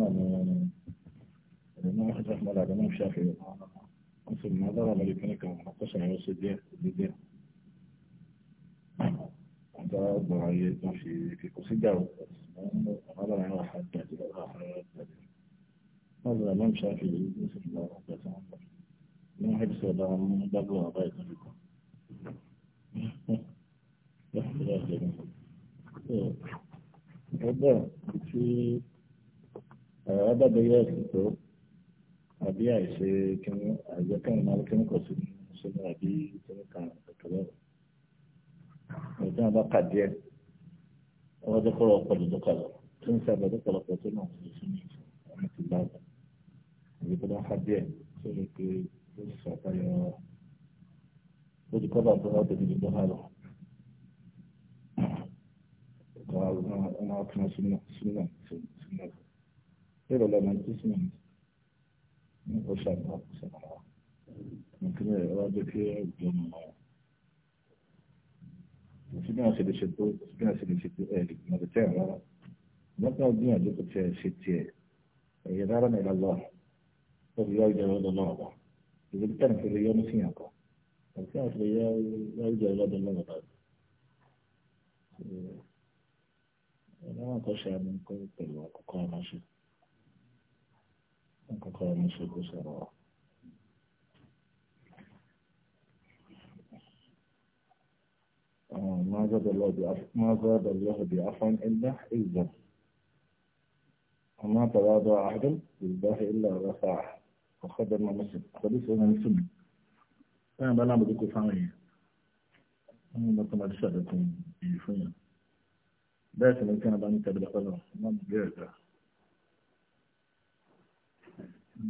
náà ni ìrìnà ìjọba àdánù ṣàfihàn wọn sì máa dára lórí kíní kan àkóso àwọn oṣù díẹ̀ díẹ̀ àti àgbà ayé tó fi kíkó sí jà òkú àbábára àwọn àdájọ àwọn àdájọ wọn lè lọ́n ṣàfihàn ìlú sì lọ ọ̀pẹ̀ tí wọ́n lọ ní wọ́n hẹ́bí sọ̀dọ̀ àwọn gbàgbọ́ àbá ìtọ́jú kan. Ẹgbẹ́ tí àbábàbà yóò sì tó àbí àìṣe kínní àìjẹ kínní máa kínní kò sí sínú àbí kínní kan kẹkẹrẹ rẹ ìdí àbá kà díẹ̀ wọn jẹ kọrọ ọpọlọ dọkọlọ tó ń sábà dọkọlọ pọ tó náà ń sọ ní ìfọ wọn ti bá wọn èyí tó bá kà díẹ̀ tó lè pe ó sì sàkáyọ lójú kọlọ tó náà tẹbi dídọ hà lọ. Kalau nak nak kena semua semua semua غير لما تسمع وصلنا وصلنا ممكن هذا في الجماعة وفي ناس اللي شدوا في ناس اللي شدوا أهلي ماذا تعرف ما كان الدنيا جت في شتى يدارا إلى الله ولا يرجع إلى الله إذا كان في اليوم سياقة إذا كان في اليوم يرجع إلى الله بعد أنا ما أقول شيء من كل كلمة كل ما شئت kọ́kọ́ ní ṣe ما زاد الله ما زاد الله بعفو إلا عزا وما تواضع أحد لله إلا رفع وخدم مسلم خليس أنا مسلم أنا بلا بدك فاهمين أنا بطلع رسالة في فين بس لو كان بني تبدأ قدر ما بجيبه في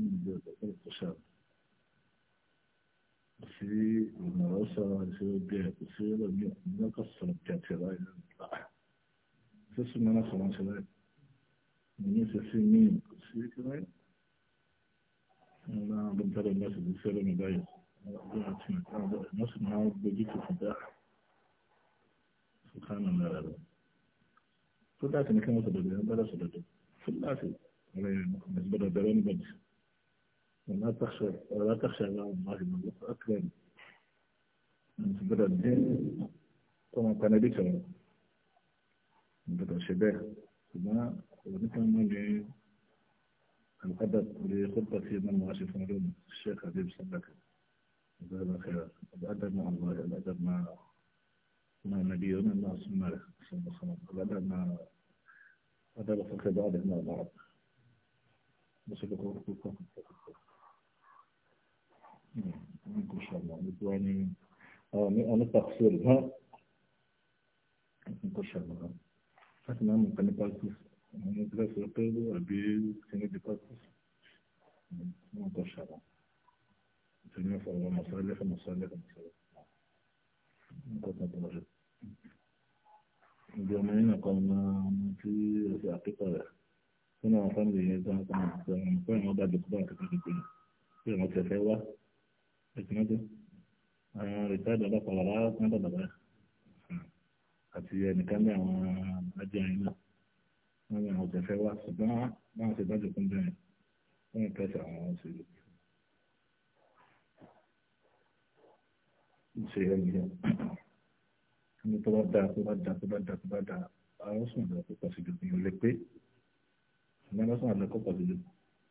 المدرسة في البيت في البيت نقص الكاتبين في سمنا خلاص لا نيسى في مين في كمان أنا بنتظر الناس اللي يصيروا مبايس الناس ما هو بيجي في الفتاح سبحان الله هذا فلاتي نكمل تدريب بلا سدد فلاتي على مكمل بدر درين بدر ولا تخشى ولا تخشى على الله من الله أكبر من تبدأ الدين طبعا كان بيتها من بدأ شباه ثم ونحن من القدر لخطة من واشف علوم الشيخ حبيب سبك جزاه الله خيرا الأدب مع الله الأدب مع مع نبينا مع سنة صلى الله عليه وسلم الأدب مع أدب فقه بعض مع بعض نسألكم يعني أنا تقصيرها إن شاء الله فأنا ممكن أقصص أنا أقصص أقول أبي سنة أقصص إن شاء الله تنف أو مصالح مصالح مصالح نقطة درجة اليومين قلنا في في عقيقة هنا وصلنا إذا كان كان بعد إقبال كذا كذا في متفاوة tẹkinọ́jọ́ àwọn rìtáàdì ọlọ́pàá bàbá kọ́ńtà bàbá àti ẹnìkan ní àwọn ajáyìn náà wọ́n ní àwọn òṣèfẹ́ wá ṣùgbọ́n wọ́n ṣe dájú fún bẹ́ẹ̀ wọ́n ń pẹ́sẹ̀ àwọn òṣèlú. ṣe ẹni yẹn ní tó bá dáa tó bá dáa tó bá dáa tó bá dáa àwọn sùn lọ kó pọ̀ ju ìyẹn lè pé ìyẹn lọ sùn lọ kó pọ̀ ju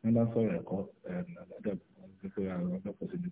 wọ́n bá sọ̀rọ̀ ẹ̀kọ́ ẹ̀ẹ́dẹ́gbẹ̀rún ọ̀gbẹ́fẹ́ àwọn ọ̀gbẹ́fọ̀ sí ju.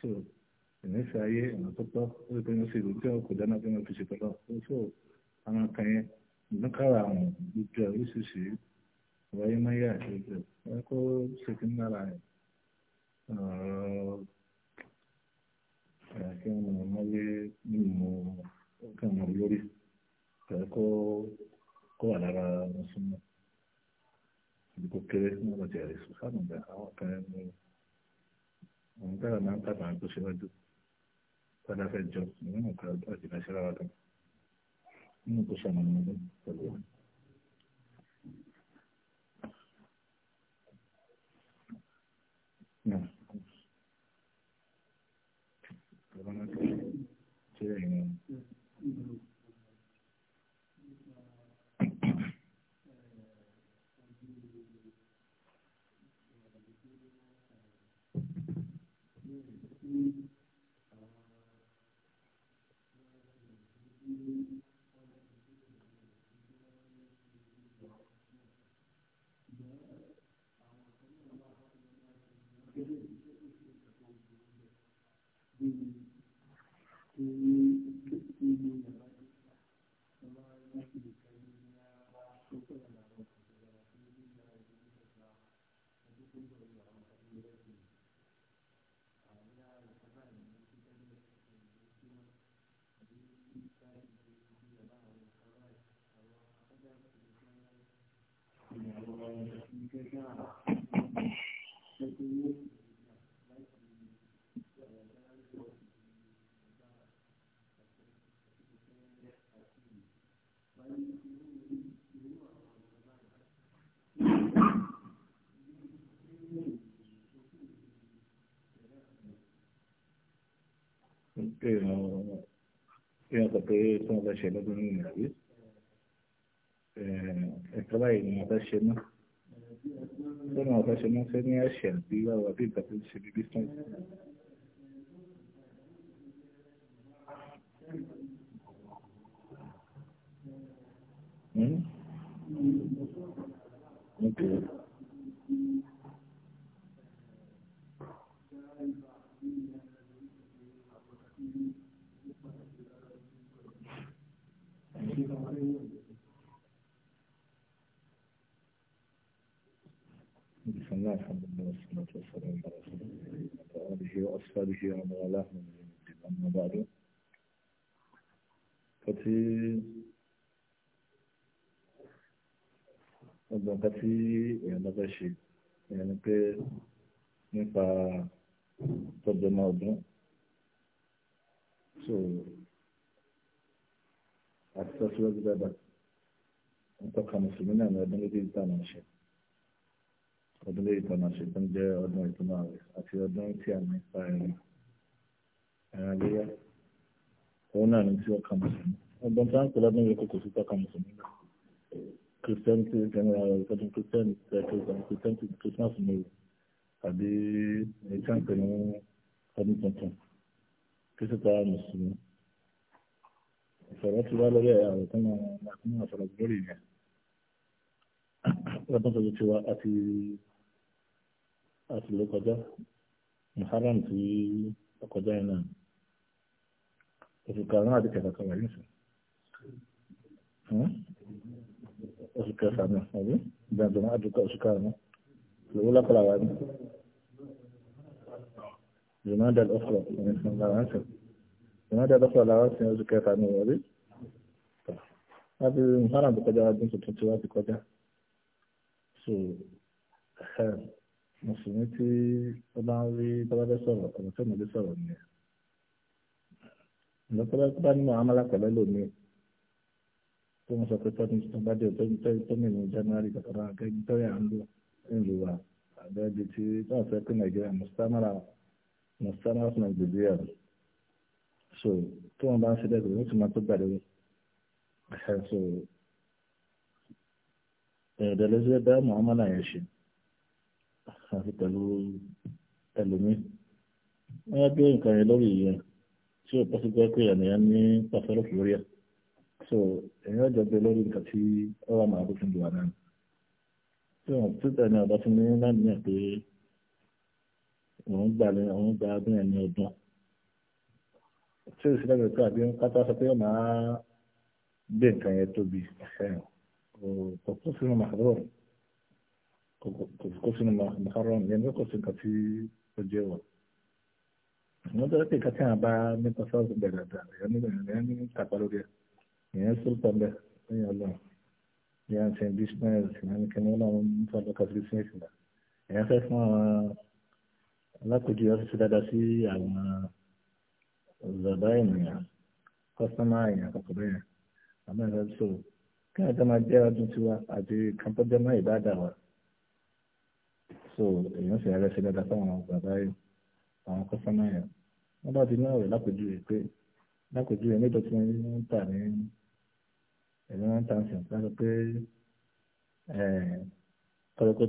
so ìníṣẹ́ ayé ọ̀nà tó tọ́ ó ti pinnu sí ìlú tí wọn kò dáná tí wọn fi ṣètò lọ so àwọn kan yẹn ìdúnkàrà àwọn ìjọ oríṣiríṣi ìwáyé máa yà àti ìjọ wọn kó ṣètì ńlára rẹ ọ̀rọ̀ kí wọn mọ wí mímu ọkàn mọ lórí ọ̀rọ̀ kó kó wà lára wọn súnmọ́ ìdíkò kéré ní ọjà rẹ sùn sáà nùgbà àwọn kan òun dára máa ń tàbí àwọn tó ṣíwájú padà fẹ́ jọ nínú nǹkan ọdún àti ìbáṣẹ́ rárá kan nínú tó ṣàmùnú ọdún pẹ̀lú wa. Yeah. èèyàn èèyàn kò pé tí wọ́n fẹ́ ṣe lọ́dún nínú ìrìn àbí ẹ̀ka báyìí ni wọ́n fẹ́ ṣe náà tí wọ́n fẹ́ ṣe náà ṣe ní ẹ̀ṣẹ̀ bí wọ́n wà bí Mm-hmm. Okay. بسم الله الحمد لله والصلاة والسلام على رسول الله وعلى آله وأصحابه ومن والاه من الدين أما بعد فتي ọgbọ̀n kan tí èèyàn bá fẹ́ ṣe èèyàn ni pé nípa àti tọ́síwájú dáadáa ń tọ́ka mùsùlùmí náà ní ọdún méjì tá máa ṣe ọdún méjì tá máa ṣe tó ń jẹ́ ọdún ìtumọ̀ àwẹ̀ àti ọdún tí a máa ń pa ẹran ẹran léyà òun náà ní tí ọkà mùsùlùmí ọdún tí a ń pè lọ́dún yìí kòkò sí tọ́ka mùsùlùmí náà kìrìsìtẹ́nì tí ó jẹun àwọn ìtọ́jú kìrìsìtẹ́nì kìrìsìtẹ́nì tí kìrìsìtẹ́nì fún mi àbí èyí tí a ń pè ní ọdún tuntun kìrìsìtẹ́nì mùsùlùmí ìfọ̀rọ̀ ti wá lórí àwọn tó máa fún àfọ̀rọ̀ lórí ìyẹn lọ́dún tó ti wá àti àti ló kọjá muharram tí ó kọjá yẹn náà oṣù karùn-ún àti kẹfà kan wà yìí sùn oṣù kẹfà náà àbí dandan àdúgbò oṣù karùn-ún lówó lápá làwọn àbí jùmọ́ dàl ọ̀fọ̀ ìrìnsìn làwọn àṣẹ. ìrìnàjò àdọ́fà làwọn ti ń oṣù kẹta ní ìwọlé wọ́n ti muhammad tó kọjá ọdún tuntun tí wọ́n so mùsùlùmí tí ó bá ń rí tọ́lọ́dẹ́ sọ̀rọ̀ ni tó mọ̀lẹ́ sọ̀rọ̀ nìyẹn ìlọ́tọ́lá tó bá nínú àwọn alákọ̀ọ́lẹ́ lónìí tó ń sọ pé tọ́ni tó bá dé tọ́ni tọ́ni ní january kọ̀ọ̀rọ̀ akẹ́yìn tó yà ń lò nílùú wa àbẹ́ẹ̀dì tí wọ́n fẹ́ pé so tó wọn bá ń ṣe bẹ́ẹ̀ lórí tó máa tó gbà lórí so ẹ̀ẹ́dẹ̀ ló ṣe bẹ́ẹ̀ muhammadu ayé ṣe àti pẹ̀lú ẹlòmíì wọ́n yá gbé nǹkan yẹn lórí ìyẹn tí ó pọ́ sí pé pé ènìyàn ní pàfẹ́rọ̀fù lórí ẹ̀ so èèyàn jọ gbé lórí nǹkan tí ó wà máa bófin jù wà náà tí wọn tí ẹni ọ̀dọ́ fún mi láti ní ẹ̀ pé òun gbà ní ọdún tí ó sì lẹ́gbẹ̀ẹ́ pé àbí ń pátá sọ pé ó máa gbé nǹkan yẹn tóbi kò kó sínú mahrum kò kó sínú mahrum yẹn ló kó sí nǹkan tí ó jẹ́ wọ̀. wọ́n tẹ́lẹ̀ pé kátí àwọn bá nípa sọ́ọ̀sì bẹ̀rẹ̀ dáadáa ìyẹn nígbà yẹn ní tàpá lórí ẹ̀ ìyẹn sọ́ọ̀tọ̀ bẹ́ẹ̀ ní ọlọ́run ìyẹn ti business ìyẹn ní kíni ọlọ́run ń fọ́ lọ́kọ̀ sí business ìyẹn fẹ́ fún àwọn alákòjú ọ̀sẹ̀ dáadáa sí àwọn ọ̀zọ̀dọ̀ ènìyàn kọ́sọ́mà èèyàn kọ̀ọ̀kan bẹ́ẹ̀ àmọ́ ẹ̀rọ sọ kí ẹ̀jẹ̀ máa jẹ́ ọdún tiwa àti kàmpọ́jẹ́ máa ìbáàdà wa so èèyàn sì rẹ̀ ṣe dáadáa fáwọn bàbá yìí àwọn kọ́sọ́mà yẹn wọ́n bá ti ní ọ̀rẹ́ lápèjúwe pé lápèjúwe nígbà tí wọ́n ń tà ní ẹ̀rọ wọn tà ń sìn láti pé kọ́lọ́kọ́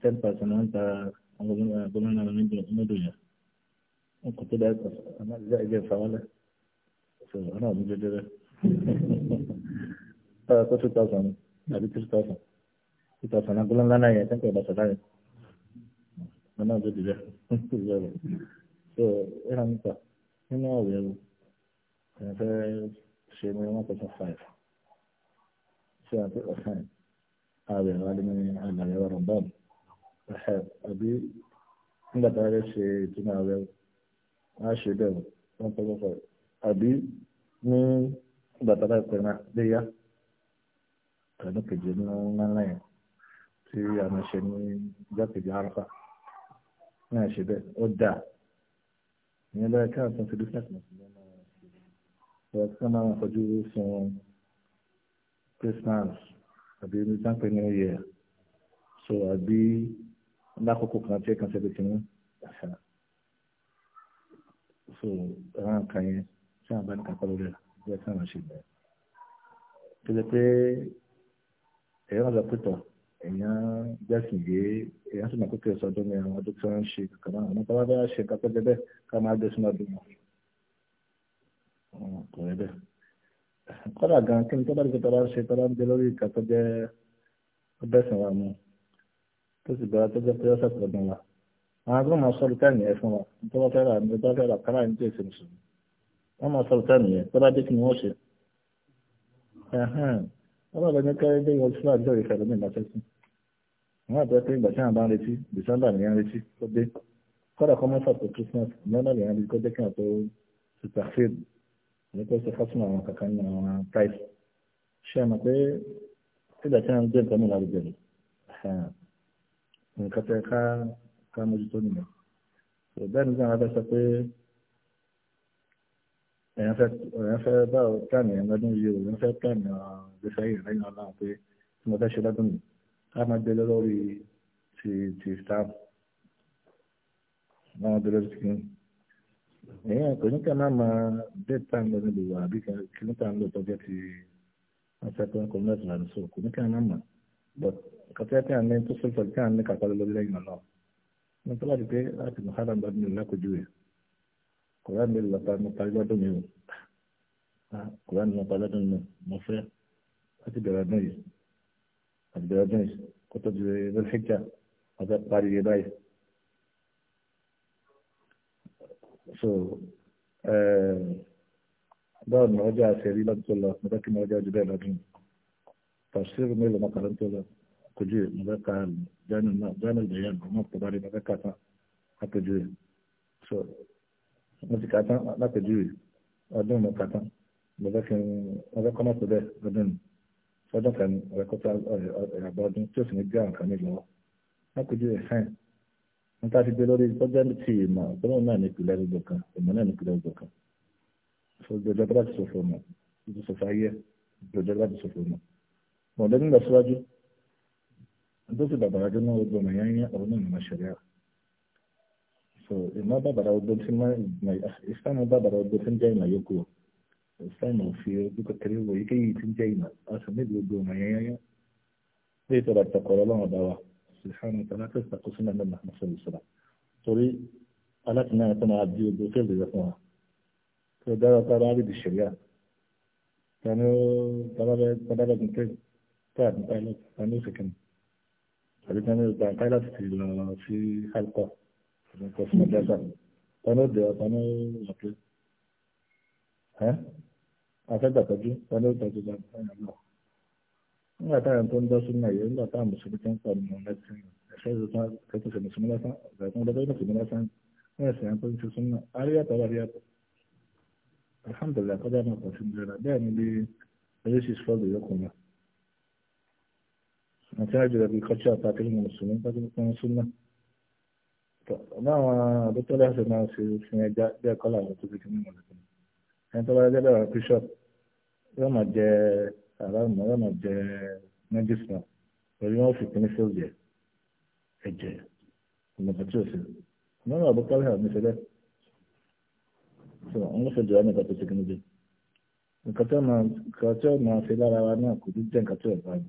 ten percent wọ́n ń ta gómìnà gómìnà lọ́dún yẹn ń kò tó dáa kan àmọ́ ìgbà ìgbà ìfàwọ́lá ṣòwò ọ̀nà mi jẹjẹrẹ ọ̀rọ̀ tó two thousand àbí three thousand two thousand agbọ́n ńlá náà yẹn tẹ́ńkọ̀ ìbàṣà láyé ọ̀nà ìjọ dìbẹ́ ìjọ rẹ̀ so ẹ̀rọ nípa nínú ọ̀rẹ́ o ẹ̀rọ fẹ́ ṣe ní one percent five ṣé àti ọ̀sán ààrẹ wàlẹ́ ní àlàyé ọ̀rọ̀ báàmù àbí nígbà tá a ṣe ìtumọ̀ ààrẹ o á ṣe bẹ́ẹ̀ wọ́n tọ́jú fọ́ àbí ní bàtà bá pẹ̀lú léyà pẹ̀lú kejì ní ńláńlá yẹn tí a máa ṣe ní jákèjì arafa ní àṣẹ bẹ́ẹ̀ ó dáa ìyẹn lọ́yẹ ká àtúntò ti dúpẹ́ àtúntò ti lọ́nà ìwà tí wọ́n máa ń fojú sun Christmas àbí ní sáńpẹ́ New Year so àbí lákòókò kan tí ẹ kàn ṣe bẹ́ẹ̀ ti mú àṣà so ẹran kan yẹn tí a bá ní kápá lórí rẹ̀ jẹ́ kí àwọn ṣe bẹ̀rẹ̀ tó jẹ́ pé èèyàn lọ pẹ̀tọ̀ èèyàn gbẹ̀sìn yé èèyàn sì máa kókè sọdún ní àwọn ọdún tí wọ́n ń ṣe kankan náà àwọn tábà bá ṣe nǹkan tó jẹ́ bẹ́ẹ̀ ká máa gbé sínú ọdún wọn kò rí bẹ́ẹ̀ kọ́dà gan kí ni tó bá dìgbà tó bá ń ṣe tó bá ń jẹ lórí ìka tó ọbẹ̀ sìn wa mú tó sì bẹ̀rẹ̀ tó jẹ́ pé ọ̀sẹ̀ tó dùn wa àwọn agbọ́n máa sọ̀rọ̀ táìmì ẹ̀ fún wa tó bá fẹ́ra ní tó bá fẹ́ra kára ní tó èsì mùsùlùmí wọ́n máa sọ̀rọ̀ táìmì yẹn tó bá dé kí ni wọ́n ṣe wọ́n bá ní kẹ́rẹ́ dé wọ́n fúlà jọ ìfẹ́ lómi ìgbàsẹ́sí wọ́n àti ẹgbẹ́ ni wọ́n retí tó dé kọ́dà Christmas November ni wọ́n retí kó dé kí wọ́n tó superfed ní kó ṣe fásitì àwọn kankan ní àwọn price ṣé ẹ mọ̀ pé ìgbà tí wọ́n jẹ́ nǹkan mìíràn lójú ẹ̀ nǹkan ká mójútó nìyẹn kò bẹ́ẹ̀ nígbà wọn fẹ́ sọ pé èèyàn fẹ́ èèyàn fẹ́ báwo plan yẹn lọ́dún yìí o èèyàn fẹ́ plan ìgbésẹ̀ yìí lẹ́yìn ọlọ́run pé tí mo fẹ́ ṣe lọ́dún yìí ká máa gbé lórí ti ti staff máa gbé lórí ti èèyàn kò ní ká máa máa date time lọ níbi wà àbí kìíní time lọ tọ́jú ti wọ́n fẹ́ pé kò ní láti lànà so kò ní ká máa mọ̀ but kàtẹ́kẹ́ àmì tó sọ̀tọ̀ kí àmì kàkọ́ lórí lẹ́yìn ọlọ́run ní tó bá di pé láti muhammad bá mi lákojú rẹ̀ kòrán mi lọ pa mo parí lọ́dún mi o kòrán mi lọ pa lọ́dún mi mo fẹ́ láti bẹ̀rẹ̀ ọdún yìí àti bẹ̀rẹ̀ ọdún yìí kó tó di lọ́lẹ́jà wọ́n fẹ́ parí rẹ̀ báyìí. so báwo ni ọjọ́ àṣẹ rí lọ́dún tó lọ mo fẹ́ kí ni ọjọ́ ọjọ́ bẹ́ẹ̀ lọ́dún tàṣírù mélòó mọ́kànlá tó lọ àpèjúwe mo fẹ́ ka jánu náà jánu ìdẹ̀yẹ ọmọ pọ̀bá ni mo fẹ́ so mo ti ka tán lápèjúwe ọdún mo ka tán mo fẹ́ kí n kan ọ̀rẹ́ kọ́tà ìyàbọ̀ ọdún tí ó sì ní gbé àwọn kan ní lọ́wọ́ lápèjúwe fẹ́ẹ̀ n ta ti gbé lórí sọ́jẹ́ni ti ìmọ̀ ọ̀pọ̀lọpọ̀ náà ní ìpìlẹ̀ gbogbo kan ìmọ̀ náà ní ìpìlẹ̀ gbogbo kan ìjọba tó bá ti ṣòfò mọ̀ ìjọba tó ṣòfò ayé ìjọba tó ṣòfò mọ̀ mọ̀ọ́dẹ́ nígbà síwájú tó sì bàbàrà dé náà gbogbo ọmọ yẹn yẹn ọ̀rọ̀ náà nìmọ̀ ṣẹlẹ̀ so ìmọ̀ bàbàrà gbogbo tí ma ìsìlámù bàbàrà gbogbo tí ń jẹ́ ìmọ̀ yòókù ìsìlámù fi ojú kékeré wo yìí kéyìí tí ń jẹ́ ìmọ̀ aṣọ níbi gbogbo ọmọ yẹn yẹn bí ìtọ́ra ìtàkọ̀rọ̀ ọlọ́run ọba wa sùhánù tàlá tó ṣàkóso náà lọ́nà àmọ́sọ̀rọ̀ ìṣọ̀rọ̀ torí alátìmáyà tó máa di ogbó fẹ́ẹ̀lì rẹ fún wa tó dára tára á rí di ṣẹ̀ríà tani ó tábàbẹ̀ tábàbẹ̀ gùn tẹ́lẹ̀ tó àdúgbò ayélujára tani ó fi kẹ́mi àbí kan ní ìgbà ìpáyà láti ti lọ sí alcohol àbí kan sí mọ̀dẹ́sà tọ́nú òde ọ̀tọ́nú ọ̀pẹ́ ẹ́ afẹ́gbàtọ́jú tọ́nú òtọ́jú lọ́wọ́ nígbà táwọn tó ń dá sínú ẹ̀yẹ nígbà táwọn mùsùlùmí tó ń pọ̀ nínú mẹ́tì ẹ̀ṣẹ́ ìṣẹ́ tó ṣe mùsùlùmí lásán ọ̀gá tó ń dọ́dọ́ mùsùlùmí lásán ní ẹ̀sìn ẹ̀ńtọ́ ń ṣe súnmọ́ aríyàtọ̀ wà ríyàtọ̀ alhamdulilayi kọjá máa pọ̀ sí ìlera bẹ́ẹ̀ ni bí oríṣiríṣi fọ́ọ̀lù yókùn náà nàìjíríà jùlọ bí kọ́ṣà àtàkùn mùsùlùmí pàtó pípọ́n súnmọ́ báwọn àdókòwò láti máa ṣe fi ẹja bẹ́ẹ̀ kọ́ làwọn tó fi kí nínú ọ̀dọ́ ẹni tó bá jẹ́ bẹ́ẹ̀ bishop yóò máa jẹ aráàlú yóò máa jẹ mẹ́dísínà pẹ̀lú wọn fi pín sí ọ̀jẹ̀ ẹ̀jẹ̀ ìmọ̀tò tí ò sí nínú àdókòwò láti ṣe bẹ́ẹ̀ sọ wọn fẹ́ jọ ẹnìkan tó ti kí nínú jẹ nǹkan tí wọn máa ṣe lára wa náà kò ní jẹ́ nǹkan tí ò bá yìí.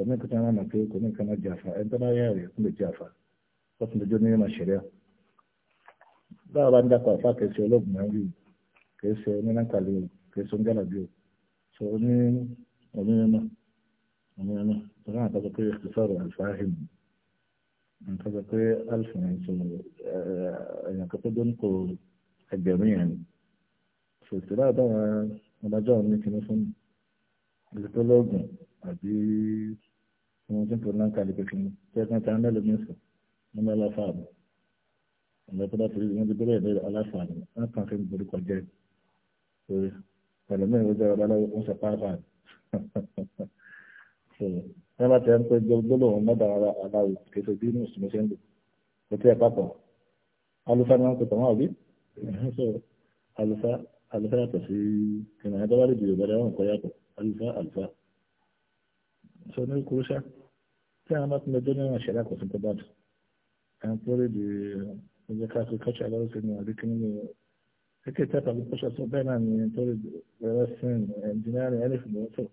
kò ní nǹkan tí wọ́n máa pé kò ní nǹkan máa jàfà ẹni tó bá yá rẹ̀ kó lè jàfà ó sì dojú ní máa ṣẹlẹ̀ báwo bá ń dákọ̀ àfà kìí ṣe olóògùn náà rí kìí ṣe onínàkàlẹ̀ o kìí ṣe oúnjẹ́làbí o ṣe oní onínà onínà tó náà tọ́jú pé ìṣòro àlùfáàhìn ń tọ́jú pé àlùfáàhìn ṣe eh, ẹ̀yàn kan tó dóńkò ẹgbẹ̀rún yẹn ni ṣèṣìlá àbáwọn ọmọdé ọ̀hún ní kinní fún ìlú tó lọ́gùn àbí mo ti kò náà kàlẹ́ kékeré tẹ́ kan tán lẹ́lẹ́ mi sùn wọ́n bá láfààní ọ̀nà tó bá ti rí wọ́n ti bẹ̀rẹ̀ ìbéèrè aláfààní wọ́n kàn fi gbòdì kọjá pé pẹ̀lú mi ìwé jẹ́rọ lọ́wọ́ ń sọ pàápàá ní wọ́n ti ń pẹ́ gbólóhùn mọ́tà aláwọ̀ kéṣe bí inú ìsinmi ṣe ń lò kò tí ẹ̀ papọ̀ alufá ni wọ́n pè tọ́wọ́n àbí alufá alufá yàtọ̀ sí kìnìún ẹ̀dọ́ tí àwọn bá ti lọ jọ́nà ìṣẹ̀lẹ̀ àkọsí tó bá dùn àwọn tó rí di ẹgbẹ́ káàkiri kọ́ṣà lọ́wọ́ sí ní àdékí nínú ẹkẹ́ tí a tàbí kọ́ṣà tó bẹ́ẹ̀ náà ní tó rí rẹ̀ sin ẹnjìnírì ẹlẹ́fì lọ́wọ́sọ̀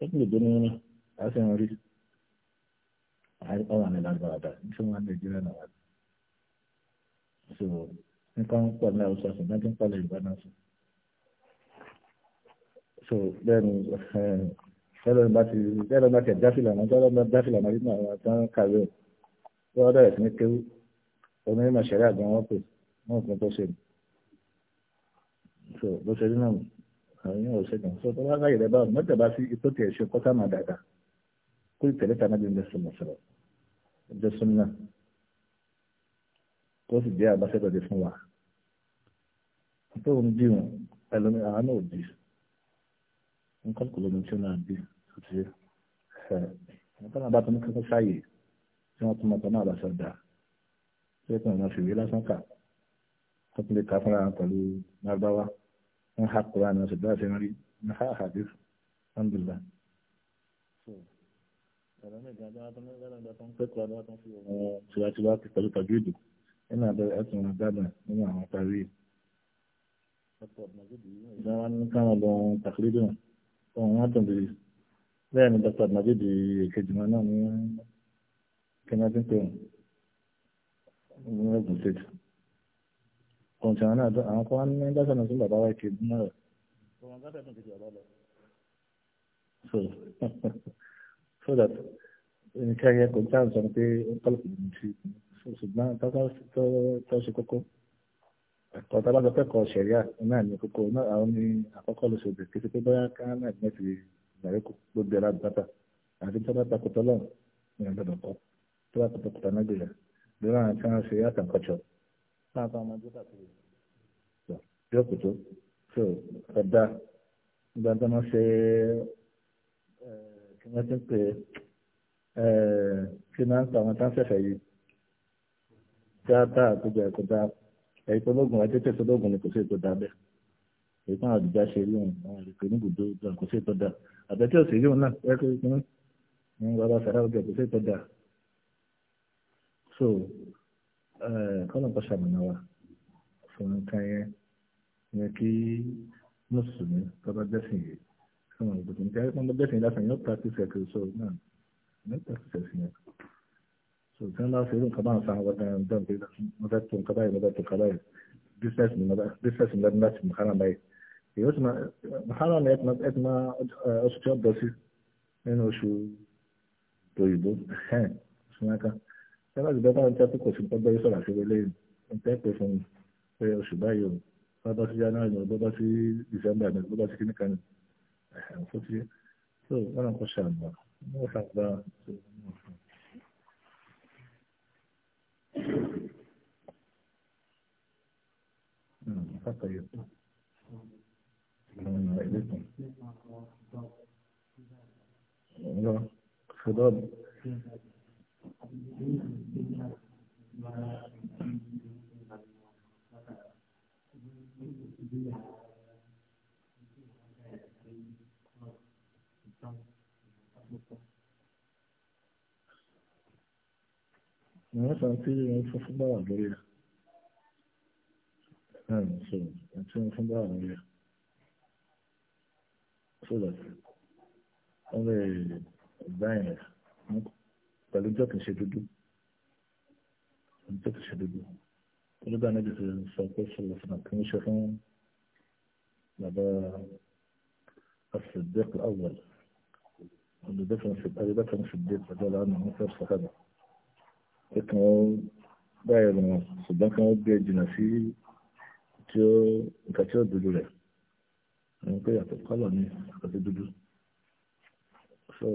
ó tún lè dóni wọn á sì ń ọ̀rọ̀ àmì lágbára dà ní sọ́wọ́n nàìjíríà náà wà. so nípa ń pọ̀ ní àwùjọ sùn náà pọ̀ lẹ́yìn bá náà sùn. so bẹ́ẹ̀ ni tẹ́lẹ̀ bá ti tẹ́lẹ̀ bá ti dáfìlà náà tẹ́lẹ̀ bá dáfìlà náà nínú àwọn àtàn kàwé ẹ̀ tí wọ́n bẹ̀rẹ̀ sí ní kéwú onímọ̀ ìṣẹ̀lẹ̀ àgbà wọn pè wọn kún tó ṣe so bó ṣe rí náà àwọn yóò ṣe kàn so tó bá ráyè rẹ báwọn mọ́tẹ̀ bá sí ipò tiẹ̀ ṣe kọ́tà máa dàgbà kó ìtẹ̀lé ta nábì ń jẹ́ súnmọ́ sọ̀rọ̀ ń jẹ́ súnmọ́ kó sì jẹ́ àbáṣẹ́tọ̀ dé fún wa tó ń dì wọn ẹlòmíràn àwọn náà ò dì nǹkan kò lómi tí ó náà dì sí ẹ wọn tọ́nà bá tún kankan sáyè tí wọ́n tún mọ̀tọ́ náà lọ́sọ̀ dá tí wọ́n tún fi ìwé lásán kà tó tún lè ka fúnra wọn pẹ̀lú lágbáwá wọn ha kúrò àná ṣùgbọ́n àti rí wọn ha hadith alhamdulillah. ẹ̀rọ mi gan-an dáná tó ń dáná tó ń kẹ́kọ̀ọ́ dáná tó ń fi ohun tiwantiwa pẹ̀lú tọ́jú ìdù nínú àbẹ ẹ̀tún gbádùn nínú àwọn parí. ọ̀pọ̀ ọ̀dùnmọ̀jọ́dì yìí wọ́n ìdáwọ́ ní káwọn lọ́n bẹ́ẹ̀ ni dr majidi èkejìmọ́ náà ní kẹ́mẹ́tì pé ní ogun state ohun tí àwọn náà àwọn kan ní dr majidi bàbá wa kejì náà rẹ̀ so so that nǹkan yẹn kò tá à ń sọ pé ó ń kọ́lọ̀ kò ní sí ṣùgbọ́n tó ṣe kókó ẹ̀kọ́ tá a bá sọ pé ẹ̀kọ́ ṣẹ̀ríà náà ní kókó náà àwọn ní àkọ́kọ́ lóṣooṣù kí ṣe pé bóyá ká náà ní ti làyẹ̀kù gbogbo ẹ̀rọ àbúkátà àti tí wọ́n bá takùtọ̀ lọ́wọ́ ní ọ̀dọ̀ kọ́ tí wọ́n bá takùtọ̀ náà gbé yà lórí àwọn tí wọ́n ṣe yàtà kọ́tsọ̀ láàbà ọmọdé kàkiri yóò kùtù tó ọ̀dà nígbà tí wọ́n ṣe kí wọ́n ti ń pè é kí wọ́n ń pa àwọn tá yìí dáadáa àtúgbò ẹ̀kọ́ dáa ẹ̀yìn tó lóògùn ajé tẹ̀sán lóògùn ni kò sí ètò dáa bẹ́ẹ̀ èyí táwọn àdìjá ṣe rí òun àwọn àlèkè níbùdó ìjọ kò sí ìtọ́jà àbẹ̀tí òsì rí òun náà rẹ́kọ̀ ìpín ní bàbá sàrà òjò kò ìtọ́jà so kọ́nà kan ṣàmùnà wa fún nǹkan yẹn yẹ kí mùsùlùmí bàbá dẹ́sìn yìí fún àwọn ìbùdó nígbà tí wọ́n dẹ́sìn lásán yóò practice ẹ̀ so náà yóò practice ẹ̀ yẹn so tí wọ́n bá ṣe irú nǹkan bá ń sa àwọn ọ̀dọ́ ìdánwò pé wọ́n fẹ́ tó nǹkan báyìí wọ́n fẹ́ tó nǹkan báyìí business ni wọ́n bá business ni wọ́n bá ti mú kánà báyìí èyí ó sì máa muharram ẹ̀ ti máa oṣù tí ó bọ̀ sí nínú oṣù òyìnbó ṣùnàkà ṣẹlá ti bẹ́ẹ̀ bá ń tẹ́ pé kò sí gbọ́gbọ́ yìí sọ̀rọ̀ àṣírí lẹ́yìn ń tẹ́ pé fún mi pé oṣù báyìí o bá bá sí january ni o bá bá sí december ni o bá sí kíníkà ni ẹ̀hìn fún ti so wọn kò ṣe àgbà wọn Mm, that's how لكم خضاب مثلا في في فضاء قليل نعم في في فضاء قليل sódà wọ́n lè gbá yẹn pẹ̀lú jọ́ kìí ṣe dúdú jọ́ kìí ṣe dúdú olùgbà náà ti sọ pé sọlọ fún àkànní ṣe fún bàbá الصديق الأول اللي دفن في أبي بكر الصديق رضي الله عنه في الصحابة لكن دايما الصديق كان بيجي نفسي تو كاتيو بدولة ẹni pé yàtọ̀ kọ́lọ̀ ní àti dúdú so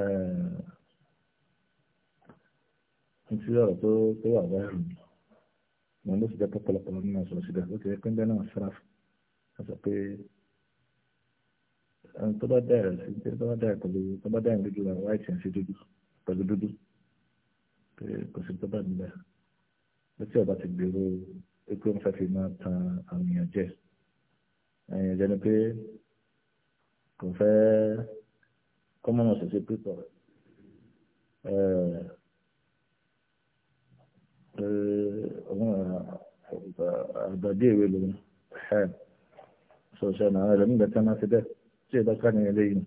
eh, nítorí ọ̀rọ̀ tó tó wà báyìí mo ló sì jẹ́ pé pọ̀lọpọ̀lọ nínú ọ̀sọ̀rọ̀ síbẹ̀ ó ti rí pé ń bẹ́ náà sára a sọ pé ẹni tó bá dá ẹ̀rẹ̀ sí tó bá dá ẹ̀ pẹ̀lú tó bá dá ẹ̀ àwọn white sí dúdú pẹ̀lú dúdú pé kò sí tó bá nílẹ̀ bí tí ọba ti gbèrò pé wọ́n fẹ́ fi máa tan àwọn èèyàn jẹ àwọn èèyàn jẹ ni pé kò fẹ́ kọ́mọ̀nà ṣẹ̀ṣẹ̀ pípọ̀ àgbàdì ìwé lòun ẹ̀ sọ̀ṣẹ̀ náà ẹ̀rọ nígbà tí a máa ti bẹ́ẹ̀ tí ìbá ká ní eléyìí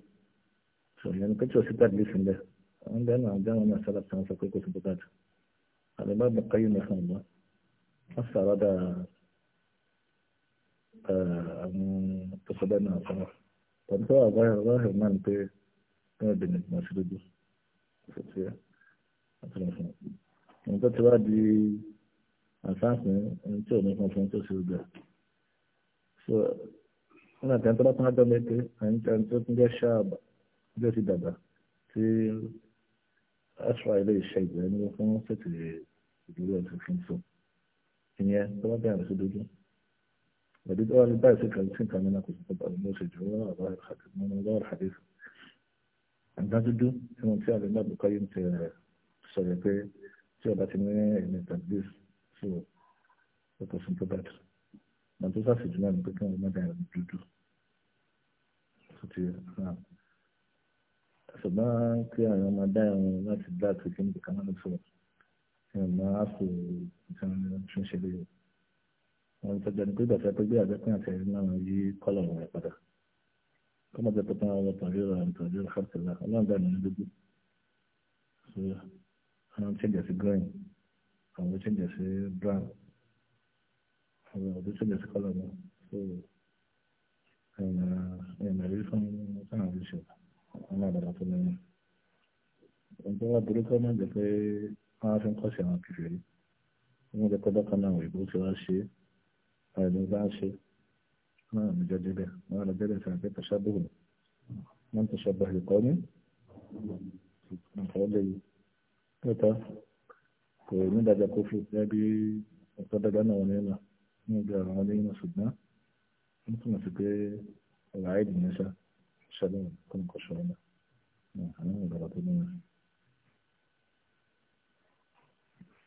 sọ̀rọ̀ ẹni pé tí o sì tàbí sílẹ̀ wọ́n bẹ́ẹ̀ náà dáhùn ní àṣálà tí wọ́n sọ pé kò sí bùkátà àdébá bàkáyé nìkan ìgbà wọ́n sàrọ́dà eh, àwọn tó sọ bẹ́ẹ̀ náà fún wa tọ́ni tó wà báyìí náà ni pé wọ́n bèèrè ìgbìmọ̀ sí lójú ọ̀sẹ̀ tí wọ́n tún fún un. tó ti wá di àǹfààní ohun tí ò ní fún fún tó ṣe gbà. so wọ́n àti àǹtọ́lá kan dán létí àǹtí tó ń jẹ́ ṣáàbà bí ó ti dàgbà tí ẹ̀ṣọ́ ilé iṣẹ́ ìgbẹ́ ní fún ṣètìlẹ̀ ìdúró ọ̀sẹ̀ fún fún ìyẹn tó bá bẹ̀rẹ̀ sí dojú ọ̀dí tó wà ní báyìí sí kan sí kan mìíràn kò sí tó bàbá mo sì jù wọ́n àbá mo mọ lọ́wọ́ hadith àdájúdú tí mo tí àlẹ́ lábùkọ́ yìí ti eh, sọ̀rọ̀ pé tí ọba ti ní ẹ̀mí tàbí sí o kò sí tó bàjẹ́ màá tó sáfì jùlọ ní pé kí wọ́n má bẹ̀rẹ̀ dúdú ah. ṣùgbọ́n kí àwọn ọmọ dá láti dá àtúnṣe níbi kan náà sọ̀rọ̀ ẹ̀gbọ́n áàpù nǹkan wọn ń tọ́jú pé gbàtà pé gbé àjẹpín àti ẹ̀rí náà yí kọ́lọ̀ wọn padà kọ́ mọ̀ tẹ́tọ́ tán ọlọ́tọ̀ rí ra nítorí rí ọlọ́run dà nínú dúdú so àwọn change sí green àwọn change sí brown àwọn ọ̀dọ́ change sí kọ́lọ̀ wọn so ẹ̀yìn àrí fún sáà àríṣẹ́ ọlọ́run àdàlà tó lẹ́yìn. ọ̀dọ́ wa burúkú ọmọ pé wọ́n fi ń kọ́sí àwọn kìfìrí ní ilé pẹ́ bákan náà òyìnbó ti wá ṣe àìní bá ṣe náà níjọ débẹ̀ wọ́n lọ débẹ̀ fún àgbẹ̀ tọ́ṣábùrù wọ́n tọ́ṣábùrù ẹ̀kọ́ ní nǹkan lè lọ́tọ́ kò ní dàgbà kó fún gẹ́gẹ́ bí ẹ̀kọ́ dàgbà náà wọ́n nílò ní ibi ọ̀rọ̀ wọn nínú ṣùgbọ́n wọ́n túmọ̀ sí pé ọ̀rọ̀ àìdì ní sá ṣàlùmọ̀ kọ́ńkọ́ ṣọ̀rọ̀ náà àwọn ìgbàlá tó níwọ̀n.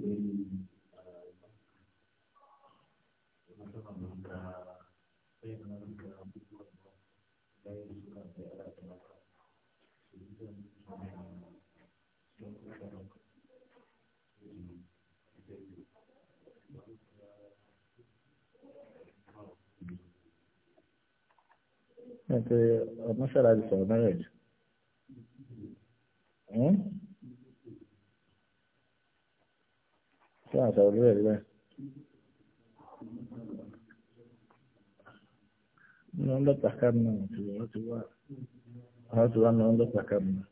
lórí ìwọ̀n sábà máa ń ka bẹ́ẹ̀ máa ń ka púpọ̀ lọ lẹ́yìn ìṣúra bẹ́ẹ̀ aláàbò àbá èyí tó ń sọ mẹ́rin tó ń kó sábà kọ́ lórí ìṣẹ́ ìlú. Mọ̀tẹ́ ọmọ sára ti sọ̀rọ̀ mẹ́rẹ̀ẹ́dì. Hmm? náà sọ̀rọ̀ lórí ẹ̀rí bẹ́ẹ̀. Ní wọ́n lọ́ta káàmù náà ti wọ́n ti wá àwọn ti wá ní wọ́n lọ́ta káàmù náà.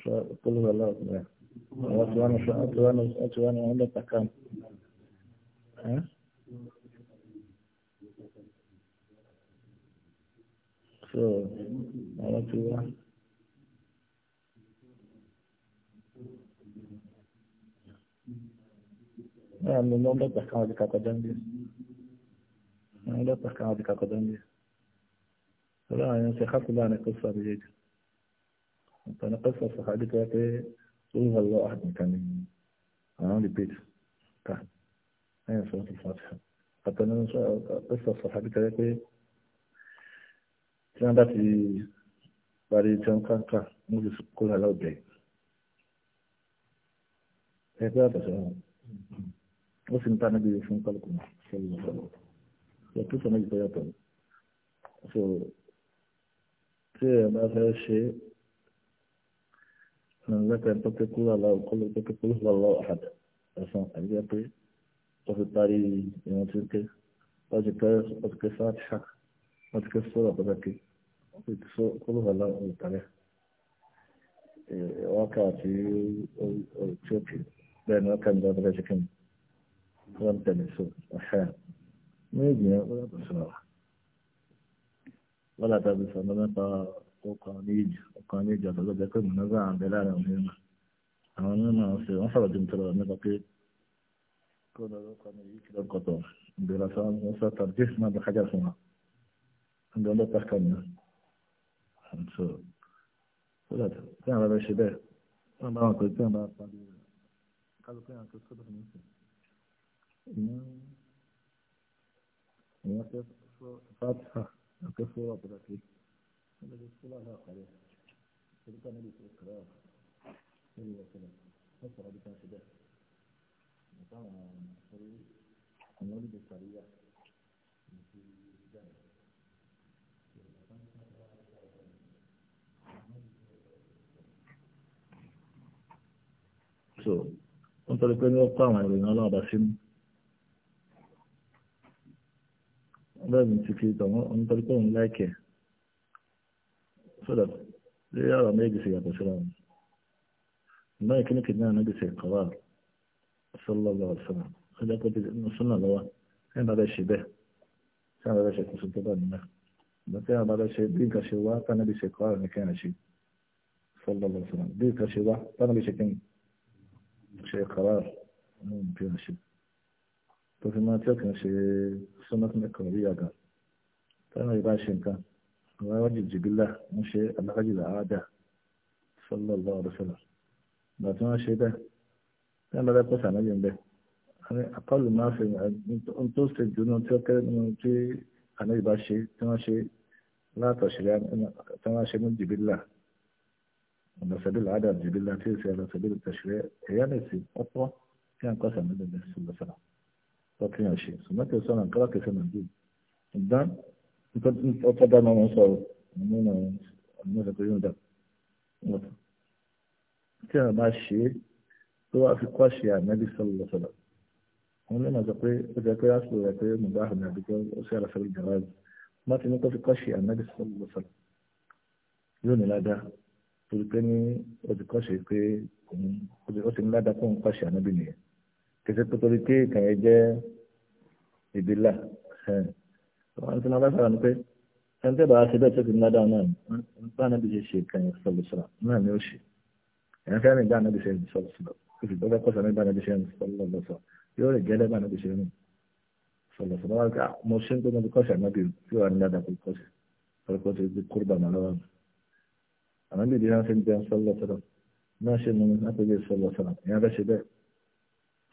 Sọ kólúbà láwùjọ ti wá ní wọ́n ti wá ní wọ́n lọ́ta káàmù. So, àwọn ti É, não, não dá para ficar de cacadangue. Não dá para ficar de cacadangue. Lá, eu sei que lá na coisa de jeito. Então, na coisa de hadi que até o Allah ahad kan. Ah, repeat. Tá. É, só que fácil. Até não só a coisa de hadi que até tinha dado de bari jan kanka, muito coisa lá o bem. É verdade, ó sì ń tán níbi fún kálukú sọlọ sọlọ yàtọ̀ sọ méjì so tí ẹ bá fẹ́ ṣe nígbàtà ń tọ́kẹ́ kúrò aláwọ̀ kọ́ ló tọ́kẹ́ kúrò aláwọ̀ àdá ẹ̀sán àbíyá pé ó fi parí ìwọ̀n tí ó ké ó ti pẹ́ ó ti ké fáàtìṣà ó ti ké sọ̀rọ̀ pàtàkì ó ti sọ kúrò aláwọ̀ ìtàlẹ̀ wákàtí ó ti ó wọ́n tẹ̀lé so ẹ̀hẹ́ méjì yẹn wọ́n yàtọ̀ sọ̀rọ̀ wọ́n làtà bí sọ̀rọ̀ mẹ́ta ọkàn méjì ọkàn méjì ọ̀tọ̀ lọ́jọ́ pé mọ̀nàbà àbẹ̀ láàrin àwọn mímọ̀ àwọn mímọ̀ ṣe wọ́n sọ̀rọ̀ jù nítorí ọ̀rọ̀ nípa pé kó lọ́rọ̀ ọkàn méjì kí lọ́kọ̀tọ̀ ìgbéra sọ wọn sọ tàbí jésù náà bá kájà fún wa ọdún ọdún pàṣẹ mi so wọ́n làtà ṣe wọ́n bá èèyàn fẹ́ fọ́ fáta àti fọ́ àpàtàkì wọ́n lè fọ́ láàrín àkàrẹ́ orúkọ níbi ìṣe kẹrẹ́ lórí ọ̀sẹ̀lẹ̀ wọ́n sọ̀rọ̀ bí wọ́n ṣe bẹ́ẹ̀ nípa àwọn orí àwọn olùdó sàríyà níbi ìjà so wọ́n tọ́lé pé ní wọ́n kọ́ àwọn ìròyìn ọlọ́ọ̀bá sínú lẹ́yìn ti fi tọ̀wọ́n nítorí pé òun láìkẹ̀ sódà lé ọ̀rọ̀ méjì sí yàtọ̀ síra wọn ìgbọ́n ìkíní kìíní náà níbi sí kọ́wà sallallahu alaihi wasallam ó jẹ́ pé súnà lọ́wọ́ ẹ̀ bá bẹ́ ṣe bẹ́ẹ̀ tí àwọn bá ṣe kùsùn tó bá nínú ìgbà tí àwọn bá bẹ́ ṣe bí nǹkan ṣe wá tá níbi sí kọ́wà ní kẹ́yìn ṣe sallallahu alaihi bí nǹkan ṣe wá tá níbi ṣe kẹ́yìn ṣe kọ́wà ní nǹkan ṣe tó fi máa tí ó kàn ṣe sọ́nàkùnrin rí àgàn táwọn ìbá ṣe nǹkan àwọn arájì jìbìlà ń ṣe alájì làádà sọlọ́lọ́ ọ̀dọ́sọ̀lọ́ ìgbà tí wọ́n ṣe bẹ́ẹ̀ tí wọ́n lọ́dẹ́ pọ̀ sàmẹ́yẹ ń bẹ́ akọ́lù máa fi ń tó ṣe jù náà tí ó kẹ́rẹ́ nínú tí àná ìbá ṣe tí wọ́n ṣe látọ̀ṣẹ̀lẹ̀ tí wọ́n ṣe ní jìbìlà ọ̀dọ̀sẹ̀bí làádà jìbìlà tí ó ṣe ọ̀dọ̀sẹ̀bí tẹ̀ṣẹ̀lẹ̀ èyí lọ́kìyàn ṣe ṣùgbọ́n kí sọ́nà kọ́lá kẹfẹ́ náà dé ìdán ọtọ́ dáná wọn sọ̀rọ̀ ọmọ náà ọmọ ìṣẹ̀kọ́ yóò dà wọ́tọ̀ tí a bá ṣe é tó wá fi kọ́ ṣe ànábì sọ́lọ́ lọ́sọ̀lọ́ wọn lè máa sọ pé ó jẹ́ pé lásìkò rẹ̀ pé mo bá àmì àdúgbò ó sì àlàfẹ́ lè jàrá rẹ̀ má ti ní kó fi kọ́ ṣe ànábì sọ́lọ́ lọ́sọ̀lọ́ yóò ní ládàá torí pé ní ó ti kọ́ ṣe pé ó ti ní ládàá kó ń kọ́ ṣe ànábì nìyẹn kẹsẹ pẹtọrí pé kàn yẹn jẹ ìbílà wọn ti náà bá sọ̀rọ̀ ni pé ẹni tẹ́ bá ṣe bẹ́ẹ̀ tó ti ná dáa náà nípa anábì ṣe ṣe kàn yẹn sọ̀rọ̀ sọ̀rọ̀ náà ni ó ṣe ẹ̀yìn fẹ́ẹ́ nígbà anábì ṣe sọ̀rọ̀ sọ̀rọ̀ oṣù tó bẹ́ kọ́sọ̀ nígbà anábì ṣe sọ̀rọ̀ sọ̀rọ̀ yóò rẹ̀ gẹ́lẹ́ bá anábì ṣe rìn sọ̀rọ̀ sọ̀rọ̀ wọn mo ṣe ń tó níbi kọ́sọ̀ anábì tí wàá ní dáadáa kó kọ́sọ̀ kọ́sọ̀ tó ti kúrò bàmà ṣe ń jẹun sọ̀rọ̀ sọ̀rọ̀ náà ṣe mú mi láti ṣe sọ̀rọ̀ sọ̀rọ̀ ìyá fẹ́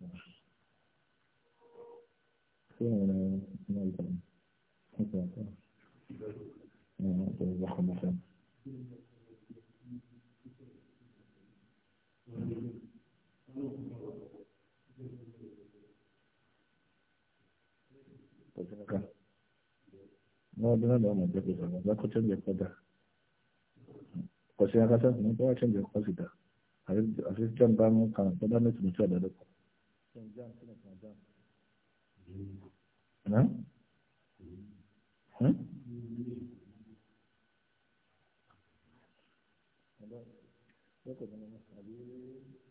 No, no, no, no, no, no, no, no, no, no, Kwa siya kasa, mwen kwa chen diyo kwa sita. Afi jan ba mwen kan, kwa da mwen tumitua da do kwa. Sanjan kí ni Sanjan? Lọ́kọ̀ ní mo sàbí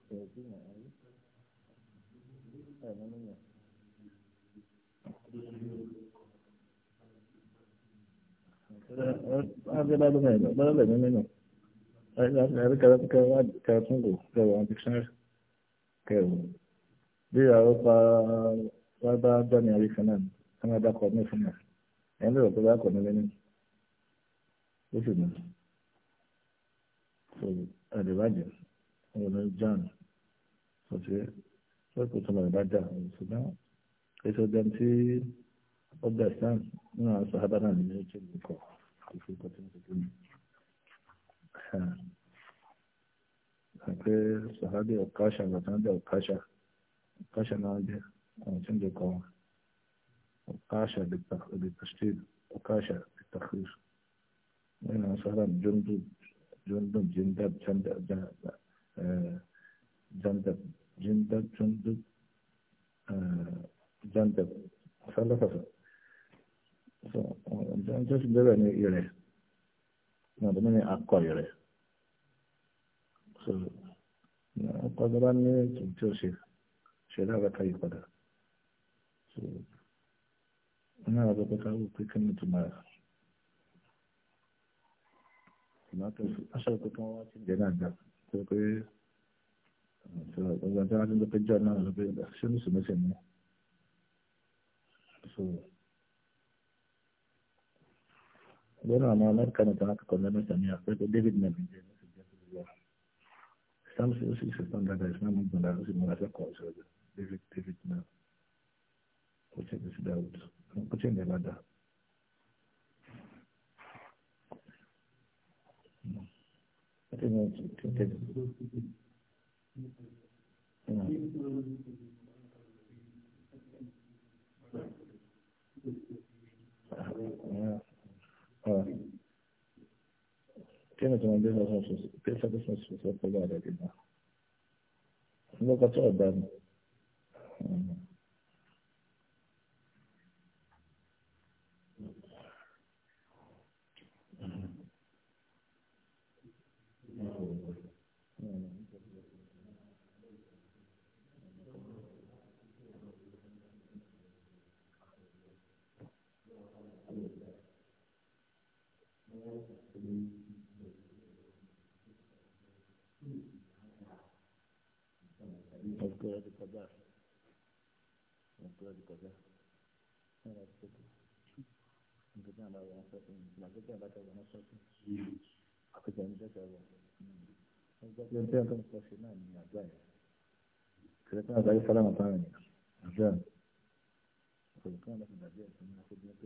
bẹ̀rẹ̀ sí ìyàn ayé. Ẹ̀ mọ́ nínú yàn. Ẹ bá lọ́mọ ẹ̀dọ̀, bọ́lá lẹ̀ nínú. Ẹ rí kàrà kàrà tún kò kẹwàá bí ìyàwó pa wá bá dání àrí kan náà ká má dákọ ní fún náà ẹ̀yìn lè rò pé dákọ ní ó sì mú so àdìbàjẹ́ ọ̀rọ̀ ní john sọ̀tì lọ́pọ̀ tó lọ́rọ̀ bá dà ṣùgbọ́n èso dẹ́n tí ó bẹ̀ sàn nínú àwọn sọ̀hábà náà nínú ìjọ ìkọ̀ ìfi ìkọ̀ tí wọ́n ti dùn àpé sọ̀hábà ọ̀káṣà àgbàtàn dẹ̀ ọ̀káṣà. قاشنا تنجي قوة وقاشة بالتشديد وقاشة بالتخفيف صار جند جند جند جند جند جند جند جند جندب ثلاثة جند جند جند يليه هذا من أقوى يليه قدران تمتوشيه ṣẹ̀dá àbáta yìí padà so wọn náà lọ pẹ́ káwọ́ pé kí ni ìtumọ̀ rẹ̀ ìmọ̀tò aṣọ pé kí wọ́n wá sí ìjẹ́ náà gbà pé pé ọgbà tí wọ́n ti ń lọ pé jọ náà lọ pé ṣé mùsùlùmí sì ni so gbọ́dọ̀ àwọn amẹ́ríkà nìkan láti kọ́ lẹ́nu ìtàn ní David nàìjíríà ní ìjẹ́ ìjẹ́ ìjẹ́ ìjẹ́ ìjẹ́ ìjẹ́ ìjẹ́ ìjẹ́ ìjẹ́ ìjẹ́ ìjẹ́ ìjẹ́ ìjẹ́ David David náà kò tí ì sí David kò tí ì ní ẹ̀bá dá. Tiene que mandar las cosas, piensa que es una situación pegada, ¿no? No, que todo es Gracias tó ti kọjá ní ìlànà tó kù nígbà tí wọn bá wọn sọ fún mi ìgbà tó bá tẹ wọn sọ fún mi àkójọ ní tẹsẹ wọn wọn gbọ́ pé nítorí àwọn tó ń sọ náà ní àgbà yẹn kìlẹ̀ tí wọn bá yí sálámà bá rìn àgbà olùkọ́ àwọn ọ̀sán dàbí ẹ̀sìn náà fún mi pé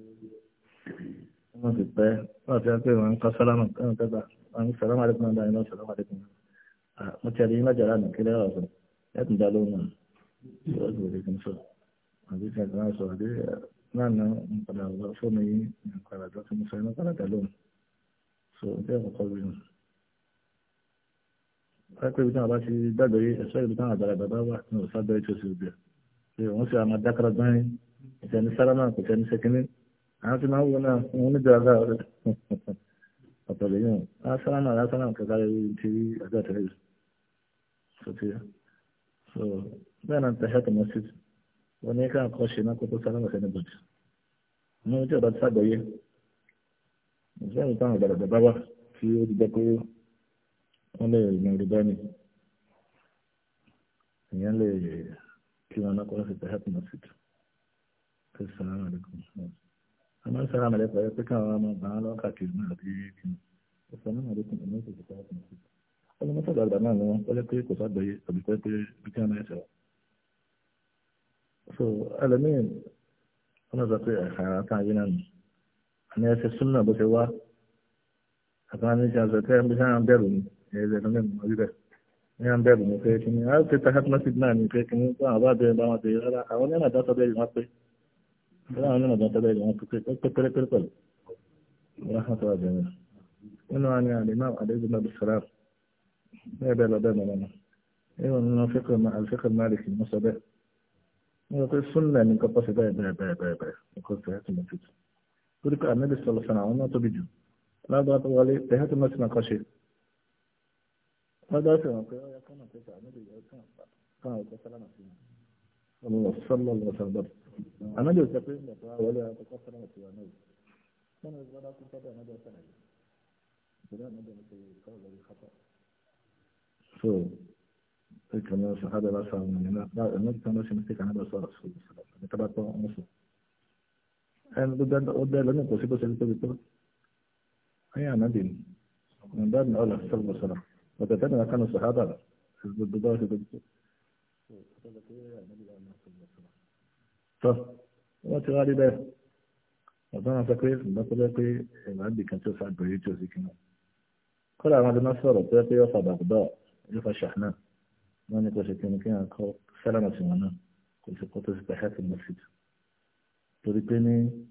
wọ́n ti pẹ́ wọ́n ti pẹ́ wọn ń kọ́ sálámà káwọn tẹ́gbà wọn ń sọ̀rọ̀ màdìkún náà dáná sọ̀rọ̀ màdìkún náà mo ti àdéhùn lájà lánàá kílẹ̀ ọ̀sán ẹ̀ tún dá lóhùn náà àbí kẹta náà sọ̀rọ̀ dé lánàá ń padà lọ fóònù yìí ń padà tó ti mú sọ iná padà lóhùn so ọjọ́ ìkọ̀kọ́ rí nù. pẹ́pẹ́ ibi táwọn bá ti gbàgbé yìí ẹ̀ṣọ́ ibi táwọn àgbàlagbà bá wà ní òṣàgbẹ́ tó ti bẹ̀ ṣe wọ́n sì àmà dákàrà gbáyìn ìṣẹ́ni sáramà kò ṣẹ́ni ṣẹ́kínní àwọn ti máa ń wo náà wọn níjọ àgbà rẹ̀ ọ̀pọ̀ lẹ́yìn àwọn sáramà àwọn sáramà kẹta rẹ̀ ti rí so bẹ́ẹ̀ náà tẹ̀sẹ̀ oníkà kọ́ ṣe náà kó tó sálámà sẹ́ni bòjì ní ojú ọ̀dọ́ ti sàgbọ́yé ìṣẹ́yìn táwọn ìgbàlagbà bá wà tí ó ti jẹ́ pé wọ́n lè yan rí bẹ́ẹ̀ ni èèyàn lè kí wọn náà kọ́ sí pé help me sit kí sàlámà lẹ́kùn a máa ń sàlámà lẹ́kùn ẹ̀ pé káwọn ọmọ bàá lọ́ káàkiri náà àti kí ni sàlámà lẹ́kùn ẹ̀ ní oṣù tó help me sit ọlọ́mọ sọ̀rọ̀ àgbà náà ni wọ́n pẹ́lẹ́ pé kò sàgbọ́yé àbí pẹ́ pé bí kí wọ́n náà ṣe wọ́n. so ẹlẹ́mìn wọ́n sọ pé ẹ̀ka àtàwọn náà àmì ẹsẹ̀ súnmọ́ bó ṣe wá àtàwọn ní ṣàṣẹ tẹ́ ẹ̀ ń bí sáà ń bẹ̀rù ni ẹ̀ẹ́dẹ̀ ló mẹ́rin mọ́ wíbẹ̀ ní à ń bẹ̀rù ni pé kìíní á ti tahat masjid náà ni pé kìíní fún àwọn bá bẹ̀rẹ̀ bá wọn bẹ̀rẹ̀ rárá àwọn ní àdá sọ bẹ́ẹ̀ wọ́n pé àwọn ní àdá sọ bẹ́ẹ̀ wọ́n pé pérépéré pẹ̀lú rahmatulah jẹ́mi nínú wa ni alimam alaykum abdulsalam bẹ́ẹ̀ bẹ́ẹ̀ lọ bẹ́ẹ̀ mọ́ lọ́nà ní o pé súnlẹ̀ ní kọ́kọ́ sí bẹ́ẹ̀ bẹ́ẹ̀ bẹ́ẹ̀ bẹ́ẹ̀ bẹ́ẹ̀ nǹkan tẹ̀ ẹ́ tó mọ̀ tuntun torí pé àmì ìsọ̀lọ̀ sọ̀rọ̀ àwọn náà tóbi jù lábàá tó wọlé tẹ̀ ẹ́ tó mọ̀ sí náà kọ́ṣe. lábàá sì wọn pé ó yẹ kó náà tẹ̀sà àmì ìyá ọ̀tún fún àwọn ìkọ́sọ́lá náà sí wọn. ọlọ́sọ́lọ́ lọ́sọ̀lọ́ àmì ìyá ọ̀tún pé ìgbà tó wọlé àkọ́kọ́sọ́lá náà sí wọn náà. mọ́nà ìgbàdá kú sọ́dọ̀ àmì ìyá ọ̀tún كما صحابة لا صار من النبي كان ماشي مسك عن هذا صار صلى الله عليه وسلم تبع طه مصر أنا بدي بدي لأنه قصي بس أنت بتقول هي أنا دين من باب من أول صلى الله عليه وسلم وتتنى كانوا صحابة لا بدي بدي طه wọ́n ti rárí bẹ́ẹ̀ ọ̀dọ́ náà sọ pé ìgbà tó lẹ́ pé ẹ̀rọ àbí kan tí ó fa gbèrè tí ó sì kí náà kọ́lá àwọn adé náà sọ̀rọ̀ tó yẹ pé yóò fa bàbá yóò fa ṣàánà من يقول لك أنا كو سلامة سمعنا أنا سقطة سباحة في المسجد تريدني